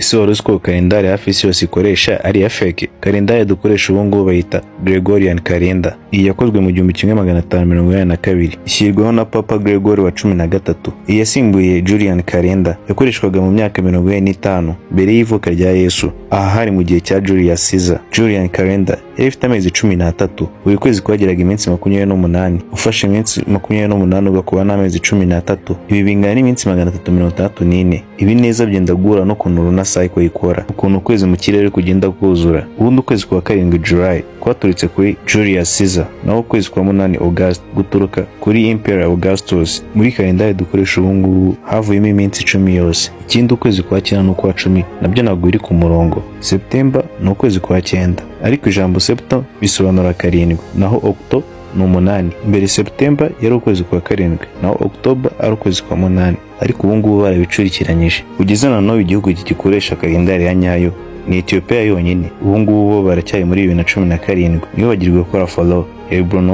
isi wari uzi kalendari hafi isi yose ikoresha ari ya feke? Kalendari dukoresha ubu ngubu bayita Gregorian kalenda. Iyi yakozwe mu gihumbi kimwe magana atanu mirongo inani na kabiri ishyirwaho na Papa Gregory wa cumi na gatatu. Iyi yasimbuye Julian kalenda yakoreshwaga mu myaka mirongo ine n'itanu mbere y'ivuka rya Yesu, aha hari mu gihe cya Julius Caesar. Julian kalenda yari ifite amezi cumi n'atatu, buri kwezi kwagiraga iminsi makumyabiri n'umunani. Ufashe iminsi makumyabiri n'umunani ugakuba n'amezi cumi n'atatu, ibi bingana n'iminsi magana atatu mirongo itandatu n'ine. Ibineza byenda guhura n'ukuntu runa n'amasaha ariko yikora ukuntu ukwezi mu kirere kugenda kuzura ubundi ukwezi kwa karindwi july kwaturutse kuri julius caesar naho ukwezi kwa munani august guturuka kuri imperial augustus muri kalendari dukoresha ubu ngubu havuyemo iminsi icumi yose ikindi ukwezi kwa cyenda n'ukwa cumi nabyo ntabwo biri ku murongo septemba ni ukwezi kwa cyenda ariko ijambo septo bisobanura karindwi naho octo n'umunani mbere September yari ukwezi kwa karindwi naho October ari ukwezi kwa munani ariko ubu ngubu barabicurikiranyije ugeze na n'ubu igihugu gikoresha kalendari ya nyayo ni etiyopiya yonyine ubu ngubu bo baracyari muri bibiri na cumi na karindwi niyo bagirwa gukora follow Hebron